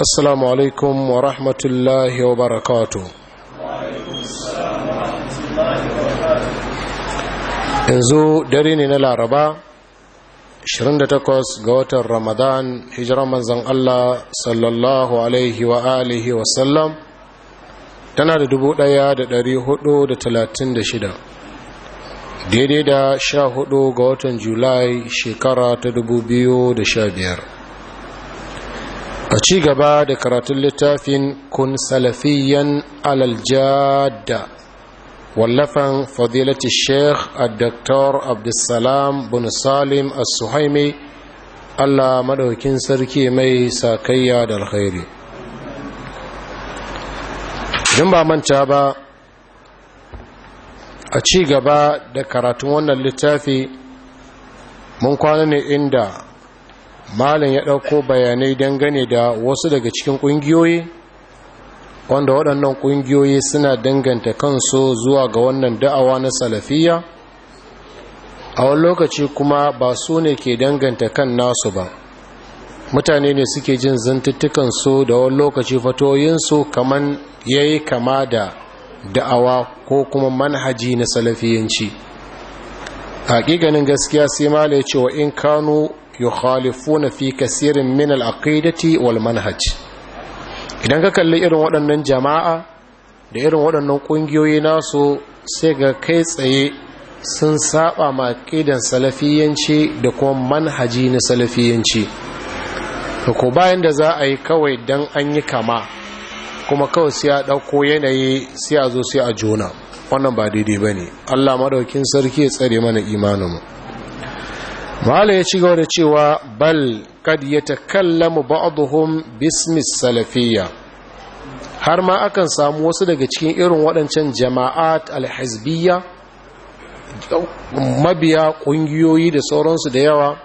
assalamu alaikum wa rahmatullahi wa barakatu yanzu dare ne na laraba 28 ga watan ramadan hijiran manzan allah sallallahu alaihi wa alihi wasallam tana da 1436 daidai da 14 ga watan julai shekara ta 2015 a ci gaba da karatun littafin kun salafiyan alaljada wallafan fadilati sheikh a daktar abdulsalam bin salim as-suhaimi allah maɗaukin sarki mai sakayya da alkhairi idan ba manta ba a ci gaba da karatun wannan littafi mun kwana ne inda Malam ya ɗauko bayanai dangane da wasu daga cikin ƙungiyoyi wanda waɗannan ƙungiyoyi suna danganta kansu zuwa ga wannan da'awa na salafiya a wani lokaci kuma ba su ne ke danganta kan nasu ba mutane ne suke jin zantuttukansu da wani lokaci fatoyinsu kaman yi kama da da'awa ko kuma manhaji na salafiyanci ganin gaskiya sai Malam ya ce in Kano. yukhalifuna fi kasirin min al-aqidati wal manhaj idan ka kalli irin waɗannan jama'a da irin waɗannan ƙungiyoyi nasu sai ga kai tsaye sun saba ma aqidan salafiyanci da kuma manhaji na salafiyanci da ko bayan da za a yi kawai dan an yi kama kuma kawai sai a ɗauko yanayi sai a zo sai a jona wannan ba daidai ba ne allah madaukin sarki ya tsare mana imaninmu Mala ya ci gaba da cewa bal kad ya takallamu ba'dhum bismis salafiyya har ma akan samu wasu daga cikin irin waɗancan jama'at alhazbiya, mabiya ƙungiyoyi da sauransu da yawa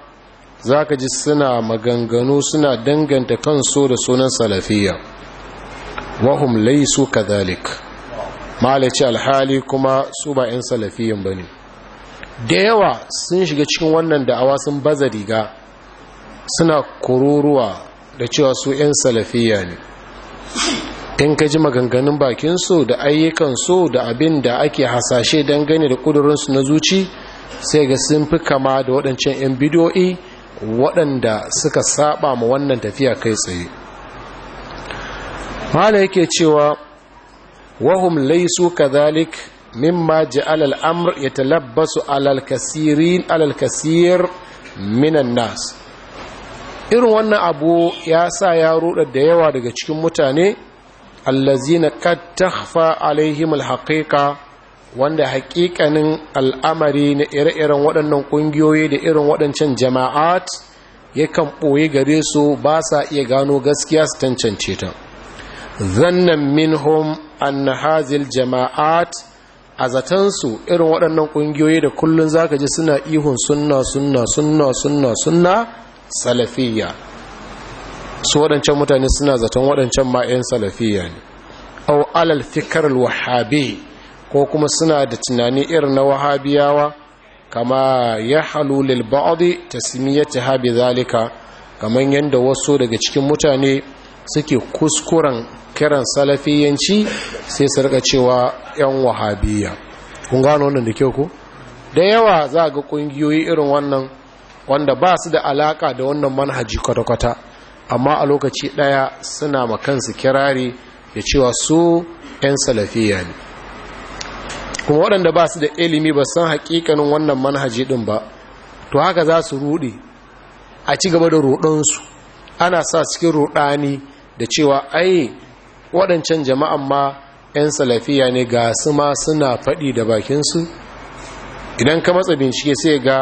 za ka ji suna maganganu suna danganta kansu da sunan salafiyya wahum laisu kadhalik Mala ya ce alhali kuma su ba 'yan ba ne. da yawa sun shiga cikin wannan da'awa sun baza riga suna kururuwa da cewa su 'yan salafiya ne in ka ji maganganun bakinsu da ayyukansu da abin da ake hasashe dangane da kudurinsu na zuci sai ga sun fi kama da waɗancan 'yan bidiyo'i waɗanda suka saba ma wannan tafiya kai tsaye Malam yake cewa wahum laisu kadhalik mimma ja'ala al-amr yatalabbasu ala al-kasirin ala al nas irin wannan abu ya sa ya ruɗa da yawa daga cikin mutane allazina qad takhfa alaihim al wanda haƙiƙanin al'amari na ire-iren waɗannan ƙungiyoyi da irin waɗancan jama'at yakan ɓoye gare su ba sa iya gano gaskiya su tantance ta zannan minhum anna hazil jama'at a zatansu irin waɗannan ƙungiyoyi da kullum za ka ji suna ihun sunna sunna sunna sunna sunna salafiyya su waɗancan mutane suna zaton waɗancan ma'ayin salafiyya ne au alal fikar wahabi ko kuma suna da tunani irin na wahabiyawa kama ya halu lil ba'adi tasmiyati habi zalika kamar yadda wasu daga cikin mutane suke kuskuren kiran salafiyanci sai su rika cewa yan wahabiyya kun gano wannan da kyau ko da yawa za ga kungiyoyi irin wannan wanda ba su da alaka da wannan manhaji kwata-kwata amma a lokaci daya suna ma kansu kirari da cewa su 'yan salafiya ne kuma waɗanda ba su da ilimi ba san hakikanin wannan manhaji ɗin ba to haka za su ruɗe a ci gaba da ruɗansu ana sa cikin ruɗani da cewa ai waɗancan jama'an ma 'yan salafiya ne ga su ma suna faɗi da bakinsu idan ka matsa bincike sai ga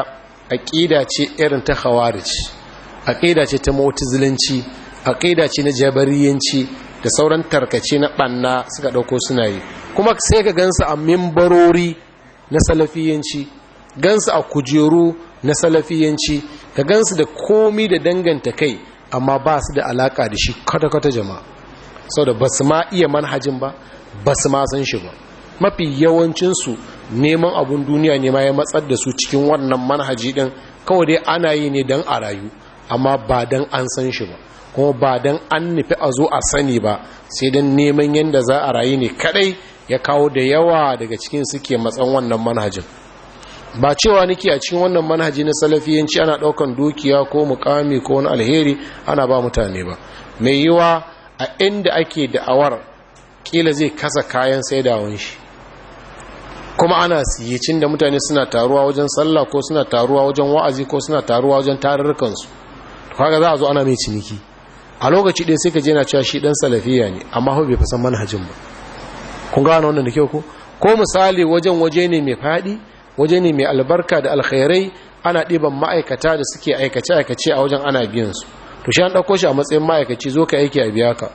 aƙida ce irin ta khawarij aƙida ce ta mutazilianci aƙida ce na jabariyanci da sauran tarkace na ɓanna suka ɗauko suna yi kuma sai ka gansu a mimbarori na salafiyanci gansu a kujeru na salafiyanci ka gansu da komi da danganta kai amma ba su da alaƙa da shi kwata-kwata jama'a sau da ba su ma iya manhajin ba ba su ma san shi ba mafi yawancinsu neman abun duniya ne ma ya matsar da su cikin wannan manhaji ɗin kawai dai ana yi ne don a rayu amma ba don an san shi ba kuma ba don an nufi a zo a sani ba sai don neman yadda za a rayu ne kadai ya kawo da yawa daga cikin suke matsan wannan manhajin ba cewa nake a cikin wannan manhaji na salafiyanci ana daukan dukiya ko mukami ko wani alheri ana ba mutane ba mai yiwa a inda ake da'awar kila zai kasa kayan saidawan shi kuma ana siyicin da mutane suna taruwa wajen sallah ko suna taruwa wajen wa'azi ko suna taruwa wajen tarurrukansu to kaga za a zo ana mai ciniki a lokaci ɗaya sai ka je na cewa shi ɗan salafiya ne amma hau bai fasan manhajin ba kun gano wannan da kyau ko ko misali wajen waje ne mai faɗi waje ne mai albarka da alkhairai ana ɗiban ma'aikata da suke aikace-aikace a wajen ana biyan su to shi an ɗauko shi a matsayin ma'aikaci zo ka aiki a biya ka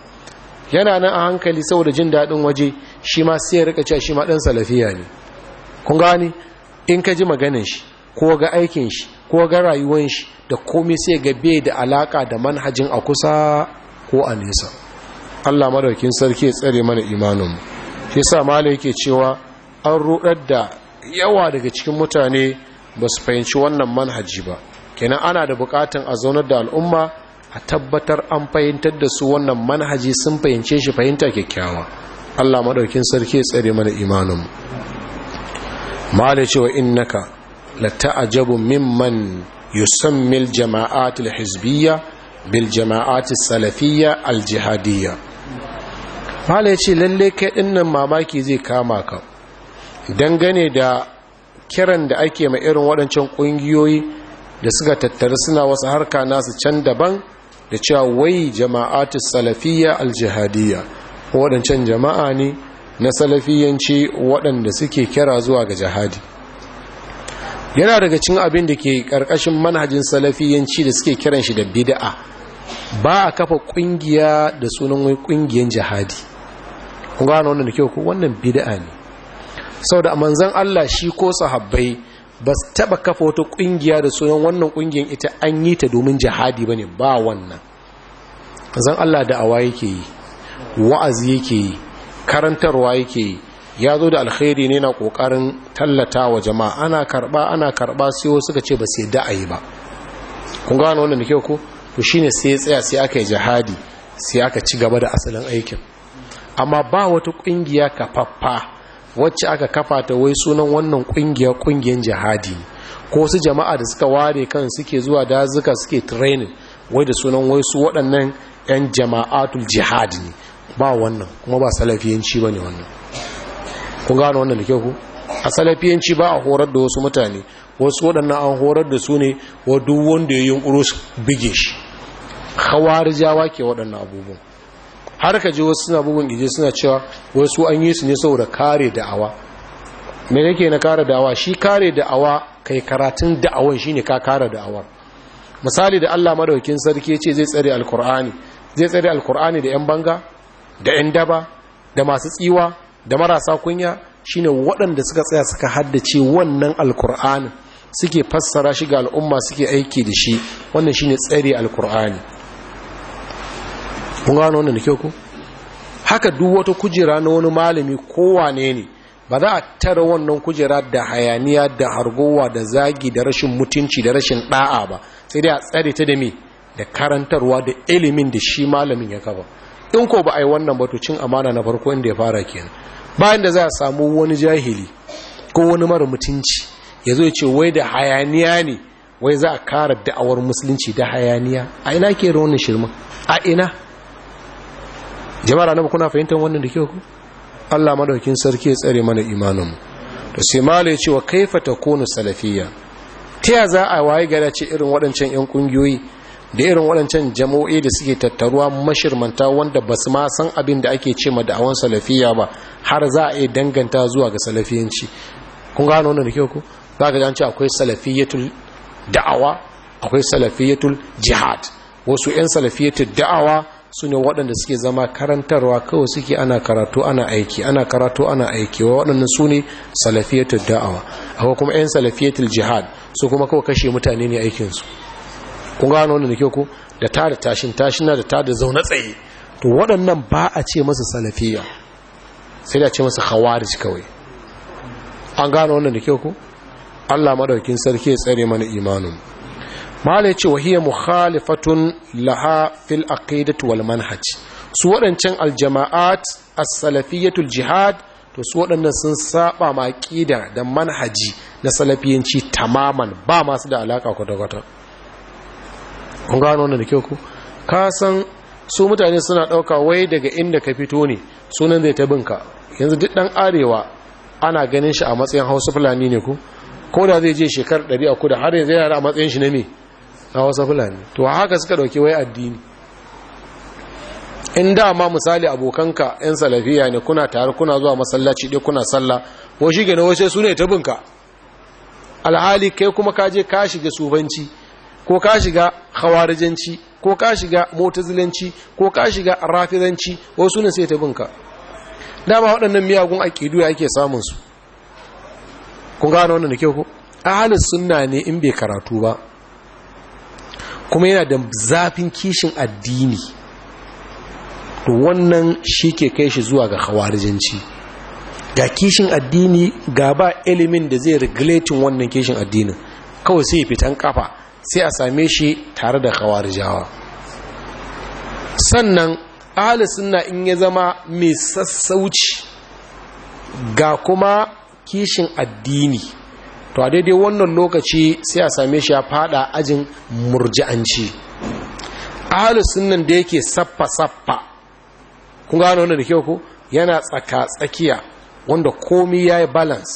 yana nan a hankali saboda jin daɗin waje shi ma sai ya rika cewa shi ma ɗan salafiya ne kun gani in ka ji maganin shi ko ga aikin shi ko ga rayuwan shi da komai sai ga bai da alaka da manhajin a kusa ko a nesa Allah madaukin sarki ya tsare mana imanin shi sa malai yake cewa an rudar da yawa daga cikin mutane ba su fahimci wannan manhaji ba kenan ana da bukatun a zaunar da al'umma a tabbatar an fahimtar da su wannan manhaji sun fahimce shi fahimta kyakkyawa Allah madaukin sarki ya tsare mana imanin ma da cewa innaka la ta'ajabu mimman yusammi mil jamaat al-hizbiyya bil jama'at salafiyya al-jihadiyya mala yace lalle kai dinnan mamaki zai kama ka dangane da kiran da ake ma irin waɗancan ƙungiyoyi da suka tattara suna wasu harka nasu can daban da cewa wai jama'atu salafiyya aljihadiyya waɗancan jama'a ne na salafiyanci waɗanda suke kira zuwa ga jihadi yana daga cin abin da ke ƙarƙashin manhajin salafiyanci da suke kiran shi da bida'a ba a kafa ƙungiya da sunan wai ƙungiyar jihadi kun gano wannan da kyau ko wannan bida'a ne saboda manzon Allah shi ko sahabbai ba su taba kafa wata kungiya da sunan wannan kungiyar ita an yi ta domin jihadi bane ba wannan zan Allah da awa yake yi wa'azi yake yi karantarwa yake yi ya zo da alkhairi ne na kokarin tallata wa jama'a ana karba ana karba sai suka ce ba sai yi ba kun gano wannan da kyau ko to shine sai ya tsaya sai aka yi jihadi sai aka ci gaba da asalin aikin amma ba wata kungiya kafaffa wacce aka kafa ta wai sunan wannan kungiyar kungiyar jihadi ko su jama'a da suka ware kan suke zuwa dazuka suke training wai da sunan wai su waɗannan 'yan jama'atul jihadi ne ba wannan kuma ba salafiyanci ba ne wannan kun gano wannan da kyau ku a salafiyanci ba a horar da wasu mutane wasu waɗannan an horar da su ne wa duk wanda ya yi yunƙuro bige shi hawar jawa ke waɗannan abubuwan har ka ji wasu suna bugun gije suna cewa wasu an yi su ne saboda kare da'awa me yake na kare da'awa shi kare da'awa kai karatun da'awan shine ka kare da'awar misali da Allah madaukin sarki ce zai tsare alkur'ani zai tsare alkur'ani da yan banga da yan daba da masu tsiwa da marasa kunya shine waɗanda suka tsaya suka haddace wannan alkur'ani suke fassara shi ga al'umma suke aiki da shi wannan shine tsare alkur'ani kun gano wannan da kyau ko haka duk wata kujera na wani malami kowane ne ba za a tara wannan kujera da hayaniya da hargowa da zagi da rashin mutunci da rashin da'a ba sai dai a tsare ta da me da karantarwa da ilimin da shi malamin ya kafa in ko ba a yi wannan ba to cin amana na farko inda ya fara kenan bayan da za a samu wani jahili ko wani mara mutunci ya zo ce wai da hayaniya ne wai za a kara da'awar musulunci da hayaniya a ina ke ruwan shirma a ina jama'ar annabi kuna fahimtar wannan da ke ku Allah madaukin sarki ya tsare mana imaninmu to sai malai ce wa kaifa takunu salafiyya ta ya za a waye gada ce irin waɗancan yan kungiyoyi da irin waɗancan jama'o'i da suke tattaruwa mashirmanta wanda basu ma san abin da ake ce ma da'awan salafiyya ba har za a iya danganta zuwa ga salafiyanci kun gano wannan da ke ku za ka ce akwai salafiyyatul da'awa akwai salafiyatul jihad wasu 'yan salafiyatul da'awa su ne waɗanda suke zama karantarwa kawai suke ana karatu ana aiki ana karatu ana aiki wa waɗannan su ne salafiyatul da'awa akwai kuma 'yan salafiyatul jihad su kuma kawai kashe mutane ne aikinsu kun gano wanda da ke ku da ta tashin tashin na da ta zaune tsaye to waɗannan ba a ce masa salafiya sai da ce masa khawarij kawai an gano wannan da ke ku Allah madaukin sarki ya tsare mana imanin malai ce wahiyya mukhalifatun laha fil aqidatu wal manhaj su waɗancan aljama'at as-salafiyatul jihad to su wadannan sun saba ma aqida da manhaji na salafiyanci tamaman ba masu da alaka kwata-kwata kun gano wannan da kyau ku ka san su mutane suna ɗauka wai daga inda ka fito ne sunan zai ta binka yanzu duk ɗan arewa ana ganin shi a matsayin hausa fulani ne ku ko da zai je shekar ɗari a kudu har yanzu yana a matsayin shi na ne a wasu fulani to haka suka dauki wai addini in dama misali abokanka 'yan salafiya ne kuna tare kuna zuwa masallaci dai kuna sallah ko shi gina wasu su ne tabinka alhali kai kuma ka je ka shiga sufanci ko ka shiga hawarijanci ko ka shiga motazilanci ko ka shiga rafizanci wasu ne sai tabinka dama waɗannan miyagun aƙidu ya ake samunsu kun gano wannan da kyau ko ahalin sunna ne in bai karatu ba kuma yana da zafin kishin addini to wannan shi ke kai shi zuwa ga hawarijanci da kishin addini ga ba ilimin da zai regulatin wannan kishin addinin kawai sai fitan kafa sai a same shi tare da hawarijawa sannan ahalisun na in ya zama mai sassauci ga kuma kishin addini to a daidai wannan lokaci sai a same shi ya fada ajin murji'anci ahalus sunan da yake saffa saffa kun gano wannan da kyau ku yana tsaka tsakiya wanda komi yi balance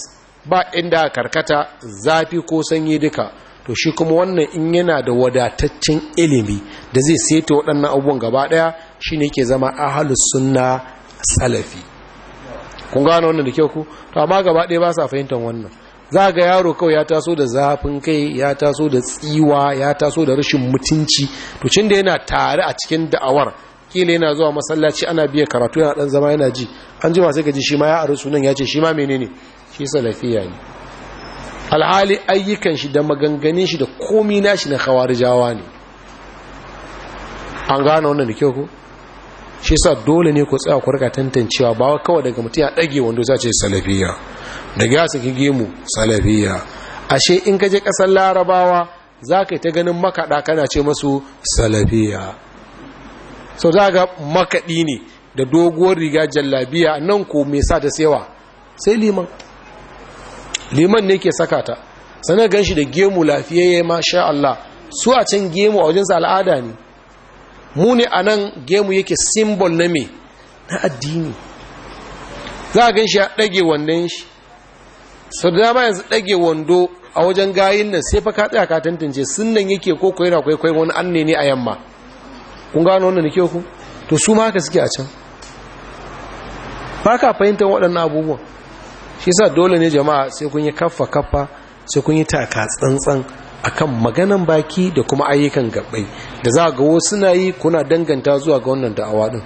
ba inda a karkata zafi ko sanyi duka to shi kuma wannan in yana da wadataccen ilimi da zai seta waɗannan abubuwan gaba ɗaya shi ne ke zama ahalus sunna salafi kun gano wannan da kyau ku to amma gaba ɗaya ba sa fahimtar wannan za ga yaro kawai ya taso da zafin kai ya taso da tsiwa ya taso da rashin mutunci to cin da yana tare a cikin da'awar kila yana zuwa masallaci ana biya karatu yana dan zama yana ji an ji sai gaji ji shi ma ya aru sunan ya ce shi ma menene shi salafiya ne alhali ayyukan shi da maganganun shi da komi nashi na khawarijawa ne an gane wannan da kyau ko shi sa dole ne ku tsaya ku rika tantancewa ba kawai daga mutum ya ɗage wanda za ce salafiya daga ya saki gemu salafiya ashe in ka je kasar larabawa za ka yi ta ganin makaɗa kana ce masu salafiya sau za ga makaɗi ne da doguwar riga jallabiya nan ko mai sa ta sewa sai liman liman ne ke saka ta sanar gan shi da gemu lafiyayye ma sha Allah su a can gemu a wajensa al'ada ne mu ne a nan gemu yake simbol na me na addini za a gan shi ya ɗage wannan shi sau da dama yanzu ɗage wando a wajen gayin nan sai fa ka tsaya ka tantance sunan yake ko ko na kwaikwai wani an ne a yamma kun gano wannan nake ku to su ma haka suke a can ba ka fahimtar waɗannan abubuwa. shi sa dole ne jama'a sai kun yi kaffa kaffa sai kun yi taka tsantsan akan maganan baki da kuma ayyukan gabbai da za ga wasu na yi kuna danganta zuwa ga wannan da'awa din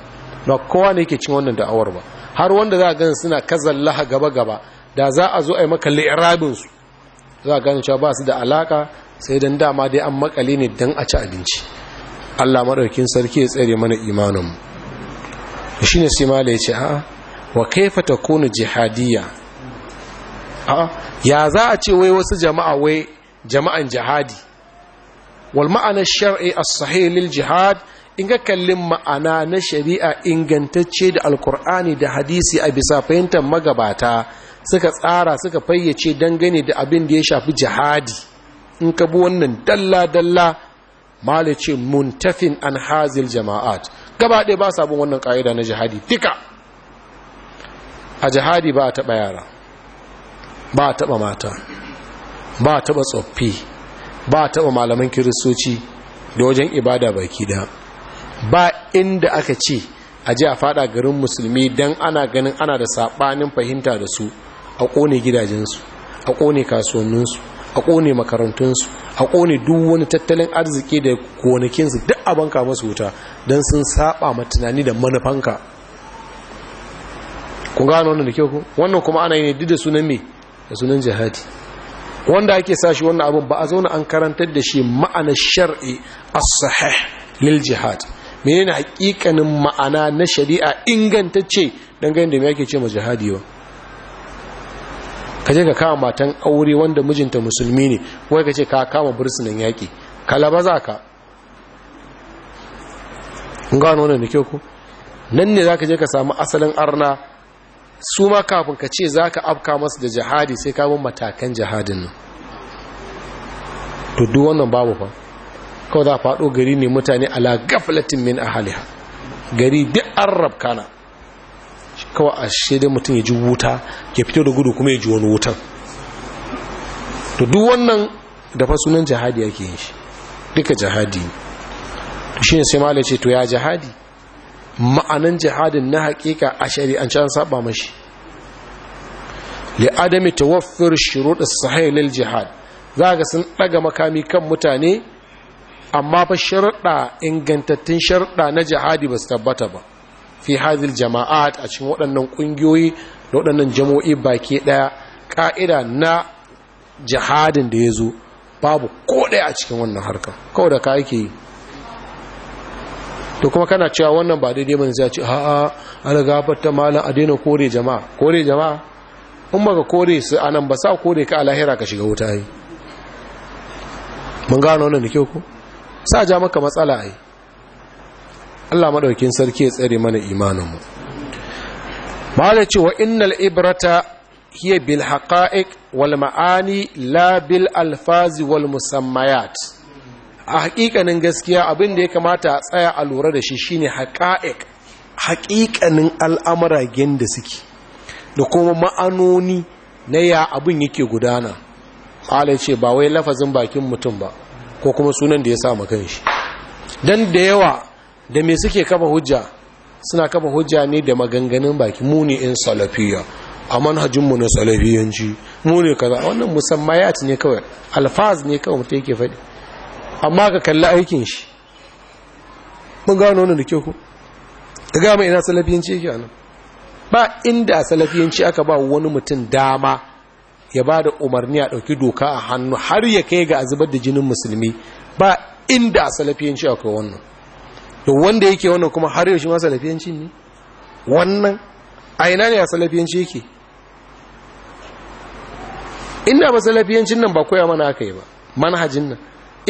ba kowa ne yake cin wannan da'awar ba har wanda za ga suna kazallaha gaba gaba da za a zo a yi maka li'rabin su za a ne cewa ba su da alaka sai dan dama dai an makale ne dan a ci abinci Allah madaukin sarki ya tsare mana imanin mu shine sai mala ya ce a'a wa kaifa takunu jihadiyya a'a ya za a ce wai wasu jama'a wai jama'an jihadi wal ma'ana shar'i as-sahih lil jihad in ga kallin ma'ana na shari'a ingantacce da alkur'ani da hadisi a bisa fahimtar magabata suka tsara suka fayyace dangane da abin da ya shafi jihadi in ka bi wannan dalla-dalla malice muntafin an hazil jama'at gaba ɗaya ba sabon wannan ƙa'ida na jihadi duka a jihadi ba a taɓa yara ba a taɓa mata ba a taba tsoffi ba a taba malaman kiristoci da wajen ibada baki da ba inda aka ce a ji a fada garin musulmi don ana ganin ana da saɓanin fahimta da su a kone gidajensu a kone kasuwanninsu a kone makarantunsu a kone duk wani tattalin arziki da gonakinsu duk abin banka masu wuta don sun saba ma tunani da manufanka ku gano wannan da kyau wannan kuma ana yi ne duk da sunan me da sunan jihadi wanda ake sashi wannan abin ba a zauna an karantar da shi ma'ana shar'i as-sahih lil jihad menene hakikanin ma'ana na shari'a ingantacce ganin da me ake ce ma jihadi ba kaje ka kama matan aure wanda mijinta musulmi ne wai kace ka kama bursunan yaki kalaba za ka gano ne da kyau ku nan ne za ka je ka samu asalin arna su ma kafin ka ce za ka afka masu da jihadi sai kawo matakan jihadin nan duk wannan babu fa kawai za a faɗo gari ne mutane ala gaflatin min ahaliha gari duk an rabkana kawai a shaidai mutum ya ji wuta ya fito da gudu kuma ya ji wani wutan to duk wannan da fa sunan jihadi yake yin shi duka jihadi to ne sai ma to ya jihadi Ma'anin jihadin na hakika a shari'ance an saba mashi li'adami tawaffir shurud as-sahih lil jihad Za ga sun daga makami kan mutane amma fa sharuɗa ingantattun sharuɗa na jihadi ba su tabbata ba fi hadhil jama'at a cikin waɗannan ƙungiyoyi da waɗannan jamo'i baki ɗaya ƙa'ida na jihadin da ya zo babu ko ɗaya a cikin wannan harkar kawai da ka yake yi to kuma kana cewa wannan ba daidai bane sai ce a'a an gafarta malam a daina kore jama'a kore jama'a in baka kore su anan ba sa kore ka a ka shiga wuta yi mun gano wannan da kyau ko sa ja maka matsala ai Allah madaukin sarki ya tsare mana imanin mu mala ce wa innal ibrata hiya bil haqa'iq wal ma'ani la bil alfazi wal musammayat a hakikanin gaskiya abin da ya kamata a tsaya a lura da shi shine haƙa'iq hakikanin al'amura da suke da kuma ma'anoni na ya abin yake gudana ala ce ba wai lafazin bakin mutum ba ko kuma sunan da ya sa makan shi don da yawa da me suke kafa hujja suna kafa hujja ne da maganganun baki muni in salafiya a manhajinmu na salafiyanci muni kaza wannan musamman ya ci ne kawai alfaz ne kawai mutum yake faɗi amma ka kalli aikin shi mun gano wani da ke ku ka gama ina salafiyanci yake nan. ba inda a salafiyanci aka ba wani mutum dama ya ba da umarni a ɗauki doka a hannu har ya kai ga a zubar da jinin musulmi ba inda a salafiyanci akwai wannan da wanda yake wannan kuma har yaushe ma salafiyanci ne wannan a ina ne a salafiyanci yake inda ba salafiyancin nan ba koya mana aka yi ba manhajin nan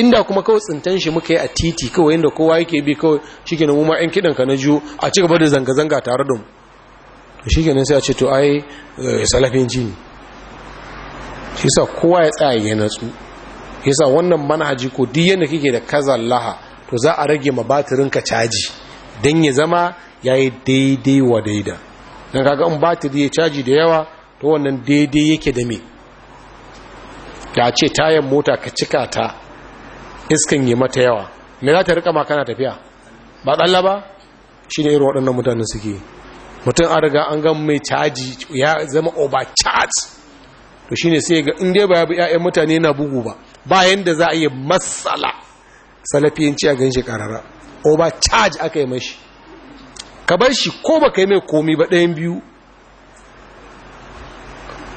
inda kuma kawai tsintan shi muka yi a titi kawai inda kowa yake bi kawai shi ke nemo ma'in kidan ka na ju a ci gaba da zanga zanga tare da mu nan sai a ce to ai eh, salafin jini shi sa kowa ya tsaya ya natsu sa wannan manhaji ko duk yanda kike da kazallaha to za a rage ma batirin ka caji dan ya zama yayi daidai wa daida don kaga in batiri ya caji da yawa to wannan daidai yake da me ya ce tayan mota ka cika ta iskan yi mata yawa me za ta rika ma kana tafiya ba ɗalla ba shi ne irin waɗannan mutanen suke mutum an riga an gan mai caji ya zama overcharge to shi ne sai ga inda ba ya bi 'ya'yan mutane na bugu ba bayan da za a yi matsala salafiyanci a gan shi karara overcharge aka yi mashi ka bar shi ko ba ka yi mai komi ba ɗayan biyu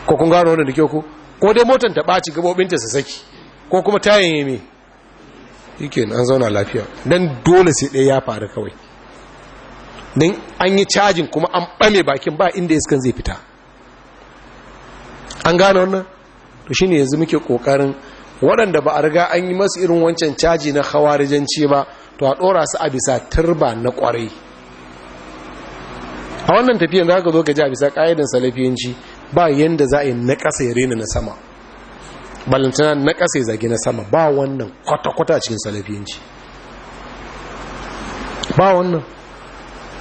ko kun gano wannan da kyau ko ko dai motar ta ɓaci gabobinta su saki ko kuma tayin yi mai yake an zauna lafiya don dole sai ɗaya ya faru kawai don an yi cajin kuma an ɓame bakin ba inda iskan zai fita an gane wannan to shine yanzu muke ƙoƙarin waɗanda ba a riga an yi masu irin wancan caji na hawarijanci ba to a ɗora su a bisa turba na ƙwarai a wannan tafiyan za ka zo ka ji a bisa ƙa'idar salafiyanci ba yadda za a yi na ƙasa ya rena na sama ballantana na ƙasa ya zagi na sama ba wannan kwata-kwata cikin salafiyanci ba wannan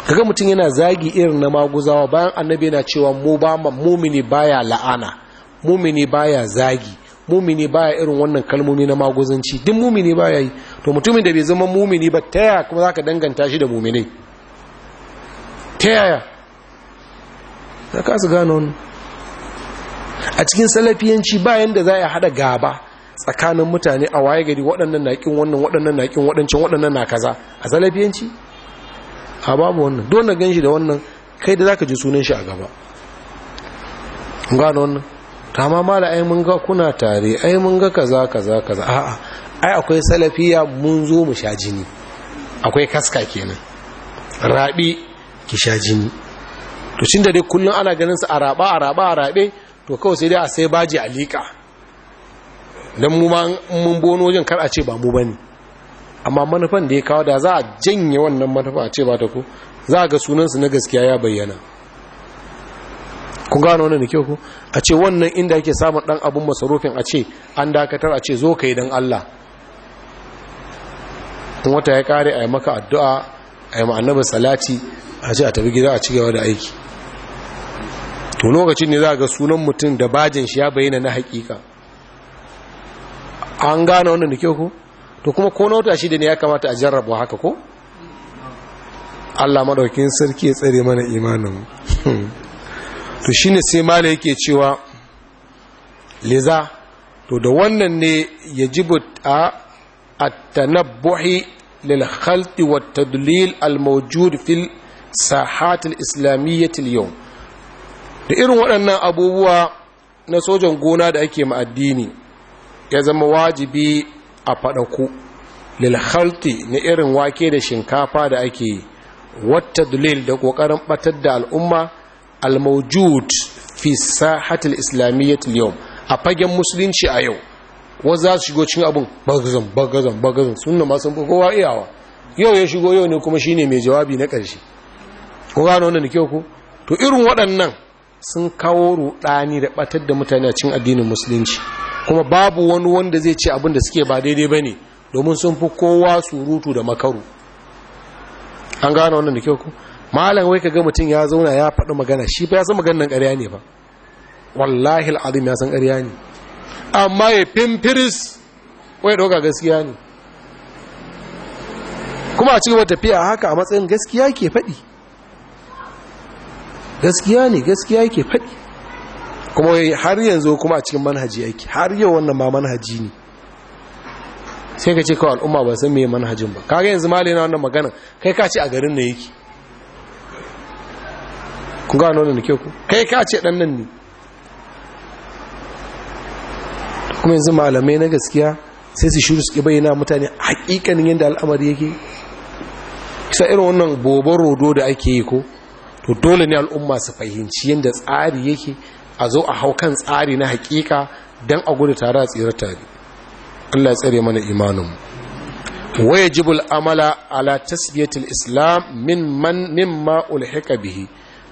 kaga mutum yana zagi irin na maguzawa bayan annabi yana cewa mu ba mumini baya la'ana mumini baya zagi mumini baya irin wannan kalmomi na maguzanci duk mumini baya yi to mutumin da bai zama mumini ba ta yaya kuma zaka danganta shi da muminai ta yaya ya ka gano wani a cikin salafiyanci bayan da za a haɗa gaba tsakanin mutane a waye gari waɗannan na ƙin wannan waɗannan na ƙin waɗancan waɗannan na kaza a salafiyanci a babu wannan don na gan shi da wannan kai da za ka ji sunan shi a gaba gano wannan ta ma mala ai mun ga kuna tare ai mun ga kaza kaza kaza a'a ai akwai salafiya mun zo mu sha jini akwai kaska kenan rabi ki sha jini to da dai kullun ana ganin su a raba a raba a rabe to kawai sai dai a sai baji a liƙa don mu mun bono wajen kar a ce ba mu ba ne amma manufan da ya kawo da za a janye wannan manufa a ce ba ta ku za a ga sunansu na gaskiya ya bayyana kun gano wannan da kyau ku a ce wannan inda ake samun dan abun masarufin a ce an dakatar a ce zo ka yi don Allah in wata ya kare a yi maka addu'a a yi ma'annabar salati a ce a tafi gida a cigaba da aiki to lokacin ne za ga sunan mutum da bajin shi ya bayyana na hakika an gane wannan da kyau ko to kuma ko nauta shi da ne ya kamata a jarraba haka ko Allah madaukin sarki ya tsare mana imanin to shine sai mala yake cewa liza to da wannan ne yajibu a at-tanabbuhi lil khalti wat tadlil al mawjud fil sahat al islamiyyah al da irin waɗannan abubuwa na sojan gona da ake ma'addini ya zama wajibi a faɗaku lilhalti na irin wake da shinkafa da ake yi wata dalil da ƙoƙarin ɓatar da al'umma almaujud fi sahatul islamiyyatul yau a fagen musulunci a yau wasu za su shigo cin abin bagazan bagazan bagazan sun na masu kowa iyawa yau ya shigo yau ne kuma shine mai jawabi na ƙarshe ko gano wannan da kyau ko to irin waɗannan sun kawo rudani da batar da mutane a cikin addinin musulunci kuma babu wani wanda zai ce abin da suke ba daidai ba ne domin sun fi kowa surutu da makaru an gane wannan da kyau ku malam wai kaga mutum ya zauna ya faɗi magana shi fa ya san maganar ƙarya ne ba wallahi al'adun ya san karya ne amma ya fimfiris wai ɗauka gaskiya ne kuma a cikin tafiya haka a matsayin gaskiya ke faɗi gaskiya ne gaskiya yake faɗi kuma har yanzu kuma a cikin manhaji yake har yau wannan ma manhaji ne sai ka ce kawai al'umma ba san me manhajin ba kaga yanzu malai na wannan magana kai ka ce a garin ne yake kun ga wannan ne ku kai ka ce dan nan ne kuma yanzu malamai na gaskiya sai su shiru su ki bayyana mutane hakikanin yadda al'amari yake kisa irin wannan bobon rodo da ake yi ko to dole ne al'umma su fahimci yadda tsari yake a zo a hau kan tsari na hakika don a gudu tare a tsira tare Allah tsare mana imaninmu waya jibul amala ala tasbiyatul islam min man ma ulhika bihi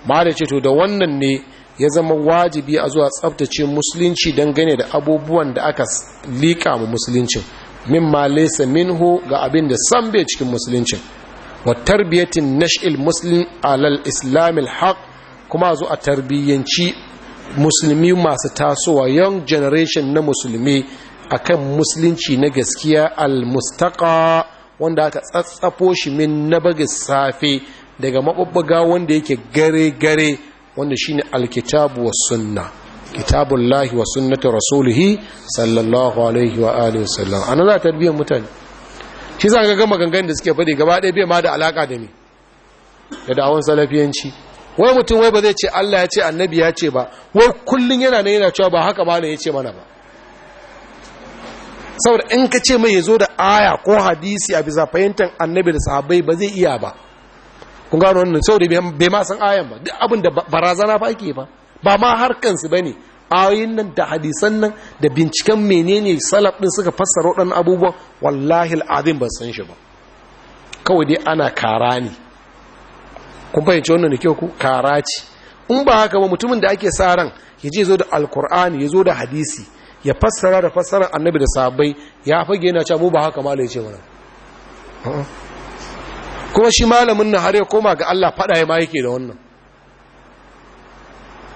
ma ce to da wannan ne ya zama wajibi a zuwa tsabtace musulunci don gane da abubuwan da aka liƙa mu musuluncin ma laysa minhu ga abin da san bai cikin musuluncin wa tarbiyatin nash'il muslim alal islamil haq kuma zo a tarbiyyanci musulmi masu tasowa young generation na musulmi akan musulunci na gaskiya mustaqa, wanda aka tsatsafo shi min nabagis safe daga mabubbuga wanda yake gare-gare wanda shine alkitabu wa sunna kitabullahi wa sunnati rasulihi sallallahu alaihi wa alihi wasallam ana za tarbiyyar mutane shi za ka gama gangan da suke faɗi gaba ɗaya bai ma da alaƙa da ni? da dawon salafiyanci wai mutum wai ba zai ce Allah ya ce annabi ya ce ba wai kullum yana nan yana cewa ba haka ba ne ya ce mana ba saboda in ka ce mai ya zo da aya ko hadisi a bisa fahimtar annabi da sahabbai ba zai iya ba kun gano wannan saboda bai ma san ayan ba duk abin da barazana ba ake ba ba ma harkansu ba ne ayoyin nan da hadisan nan da binciken menene salaf din suka fassara waɗannan abubuwan wallahi al'azim ban san shi ba kawai dai ana kara ne kun fahimci wannan da kyau ku kara ce in ba haka ba mutumin da ake sa ran ya je zo da alkur'ani ya zo da hadisi ya fassara da fassara annabi da sahabbai ya fage yana cewa mu ba haka malai ya ce mana kuma shi malamin nan har ya koma ga Allah fada ya ma yake da wannan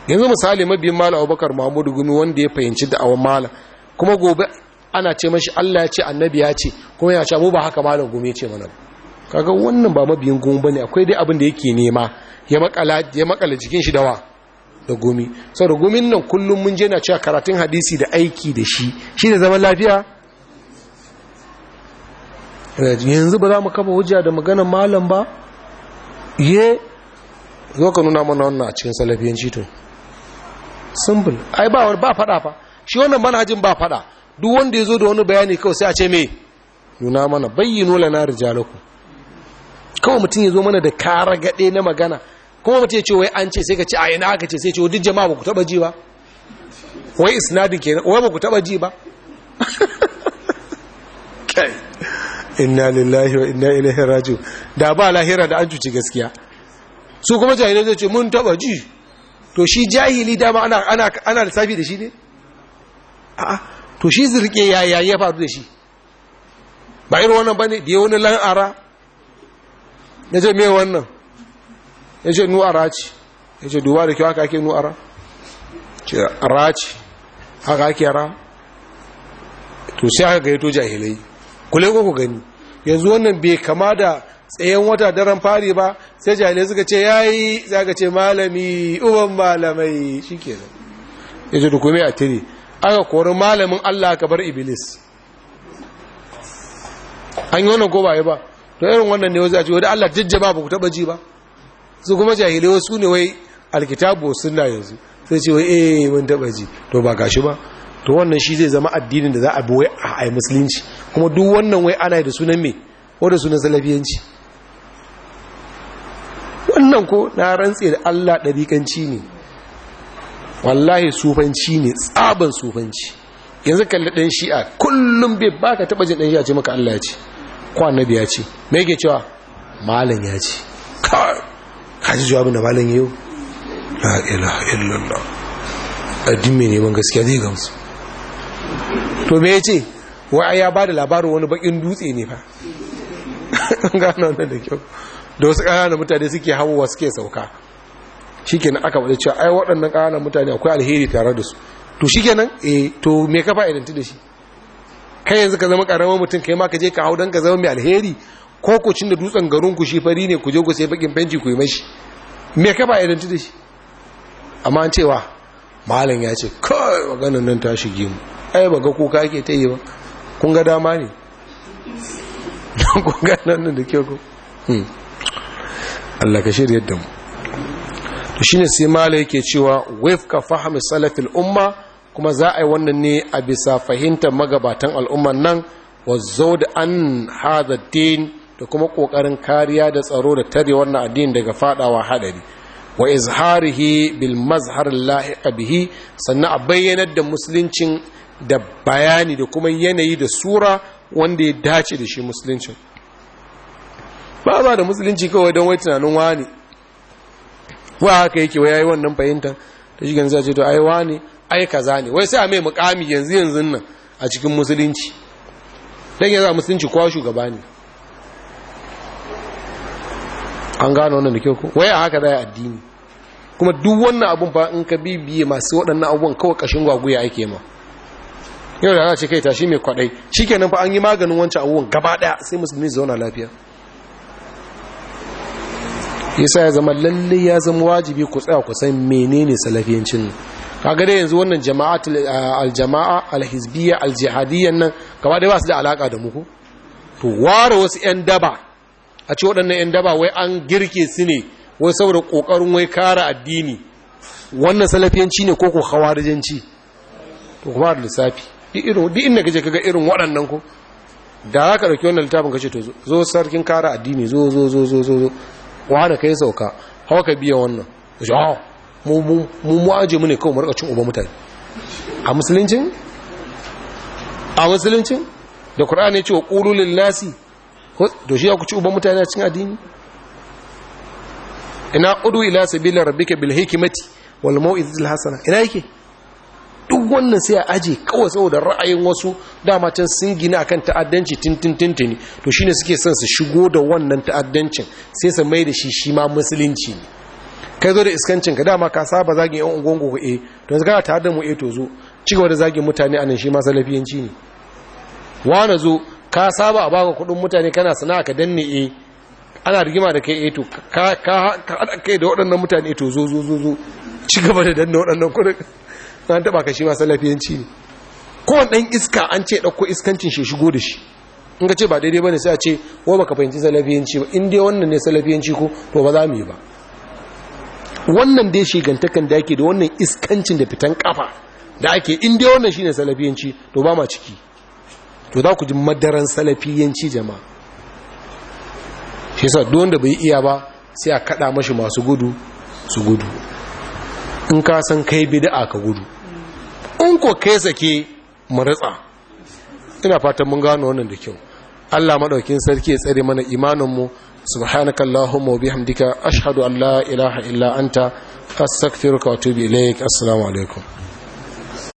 yanzu misali mabiyin malam abubakar mahmudu gumi wanda ya fahimci da'awar malam kuma gobe ana ce mashi allah ya ce annabi ya ce kuma yana ce mu ba haka malam gumi ce mana kaga wannan ba mabiyin gumi bane akwai dai abin da yake nema ya makala jikin shi dawa da gumi sau da gumin nan kullum mun je na cewa karatun hadisi da aiki da shi shi ne zaman lafiya yanzu ba za mu kafa hujja da maganar malam ba ye zo ka nuna mana wannan a cikin salafiyanci to simple ai ba ba fada fa shi wannan manhajin ba fada duk wanda ya zo da wani bayani kawai sai a ce me nuna mana bayyinu lana rijalakum kawai mutum ya zo mana da kara gade na magana kuma mutun ya ce wai an ce sai ka ce a ina aka ce sai ce duk jama'a ba ku taba ji ba wai isnadin kenan wai ba ku taba ji ba kai inna lillahi wa inna ilaihi raji'un da ba lahira da an cuci gaskiya su kuma jahilai zai ce mun taba ji to shi jahili dama ana ana ana lissafi da shi ne a'a to shi zirke yaya ya faru da shi ba irin wannan ba ne, da wani lan'ara ya ce me wannan ya ce nu'ara ce ya ce duba da kyau haka ake nu'ara ce ara ce haka ake ra to sai haka gaito jahilai kule ko ku gani yanzu wannan bai kama da tsayen wata daren fari ba sai jahilai suka ce ya yi zaka ce malami uban malamai ya ce dukume a tiri aka kori malamin Allah ka bar iblis an yi wannan ko ba ba to irin wannan ne wasu a ce wadda Allah jijje ba ku taba ji ba su kuma jahilai wasu ne wai alkitabu sunna yanzu sai ce wai eh mun taba ji to ba gashi ba to wannan shi zai zama addinin da za a bi wai a musulunci kuma duk wannan wai ana da sunan me ko da sunan salafiyanci wannan ko na rantse da Allah ɗariƙanci ne wallahi sufanci ne tsaban sufanci yanzu kalli ɗan shi'a kullum bai baka taɓa jin ɗan shi'a ce maka Allah ya ce ko annabi ya ce me ke cewa malam ya ce ka haji jawabin da malam yau la ila illallah Adin mai neman gaskiya zai gamsu to me ya ce wa'ai ya ba da labarin wani bakin dutse ne fa gano da kyau da wasu ƙananan mutane suke hawa suke sauka shikenan aka bada cewa ai waɗannan ƙananan mutane akwai alheri tare da su to shikenan eh to me ka fa'idanci da shi kai yanzu ka zama ƙaramin mutum kai ma ka je ka hau don ka zama mai alheri ko ku cin da dutsen garin ku shi fari ne ku je ku sai bakin fenci ku yi mashi me ka fa'idanci da shi amma an cewa malam ya ce kai maganan nan ta shige mu ai ba ga kuka yake ta yi ba kun ga dama ne Don kun ga nan da kyau ko hmm. Allah ka shirya da mu to shine sai mala yake cewa waif ka fahimi salafil umma kuma za a yi wannan ne a bisa fahimtar magabatan al'ummar nan wa zaud an hada din da kuma kokarin kariya da tsaro da tare wannan addini daga fadawa hadari wa izharihi bil mazhar lahiqa bihi sannan a bayyanar da musuluncin da bayani da kuma yanayi da sura wanda ya dace da shi musuluncin ba za da musulunci kawai don wai tunanin wani wa haka yake wa yayi wannan fahimta da shi ganza ce to ai wani ai kaza ne wai sai a mai mukami yanzu yanzu nan a cikin musulunci dan yanzu a musulunci kowa shugaba ne an gano wannan da kyau ko wai a haka zai addini kuma duk wannan abun ba in ka bibiye masu waɗannan abubuwan kawai kashin gwaguya ake ma yau da za ce kai tashi mai kwaɗai shikenan fa an yi maganin wancan abubuwan gaba ɗaya sai musulmi zauna lafiya yasa ya zama lalle ya zama wajibi ku tsaya ku san menene salafiyancin kaga dai yanzu wannan jama'at aljama'a alhizbiyya aljihadiyyan nan gaba dai ba su da alaka da muku to ware wasu yan daba a ce waɗannan yan daba wai an girke su ne wai saboda kokarin wai kare addini wannan salafiyanci ne ko ko khawarijanci to kuma da lissafi duk irin duk inda kaje kaga irin waɗannan ko da za ka ɗauki wannan littafin kace to zo sarkin kare addini zo zo zo zo zo wani kai sauka hawa ka biya wannan ah, mu mu aje mu ne kawai marka cin uba mutane a musuluncin a musuluncin da qur'ani ya ce wa ƙulunin nasi to shi ya ku ci uba mutane a cikin adini? ina udu ila sabila rabbika bil hikmati wal mau'izil hasana ina yake duk wannan sai a aje kawai saboda ra'ayin wasu dama can sun gina akan ta'addanci ne, to shine suke son su shigo da wannan ta'addancin sai su mai da shi shi ma musulunci ne kai zo da iskancin ka dama ka saba zagin yan ungongo ku eh to yanzu kana da mu eh to zo ci gaba da zagin mutane anan shi ma salafiyanci ne wani zo ka saba a baka kudin mutane kana sana'a ka danne eh ana rigima da kai eh, to ka kai da waɗannan mutane eto zo zo zo zo ci gaba da danna waɗannan kudin an taba ka shi ma salafiyanci ne kowane ɗan iska an ce ɗauko iskancin shi shigo da shi in ka ce ba daidai ba ne sai a ce wa baka fahimci salafiyanci ba in dai wannan ne salafiyanci ko to ba za mu yi ba wannan dai gantakan da ake da wannan iskancin da fitan kafa da ake in dai wannan shine salafiyanci to ba ma ciki to za ku ji madaran salafiyanci jama'a shi yasa duk wanda bai iya ba sai a kada mashi masu gudu su gudu in ka san kai bid'a ka gudu in ko kai sake maritsa ina fatan mun gano wannan da kyau Allah madaukin sarki ya tsare mana imanin mu subhanakallahu wa bihamdika ashhadu an la ilaha illa anta astaghfiruka wa atubu ilaik assalamu alaikum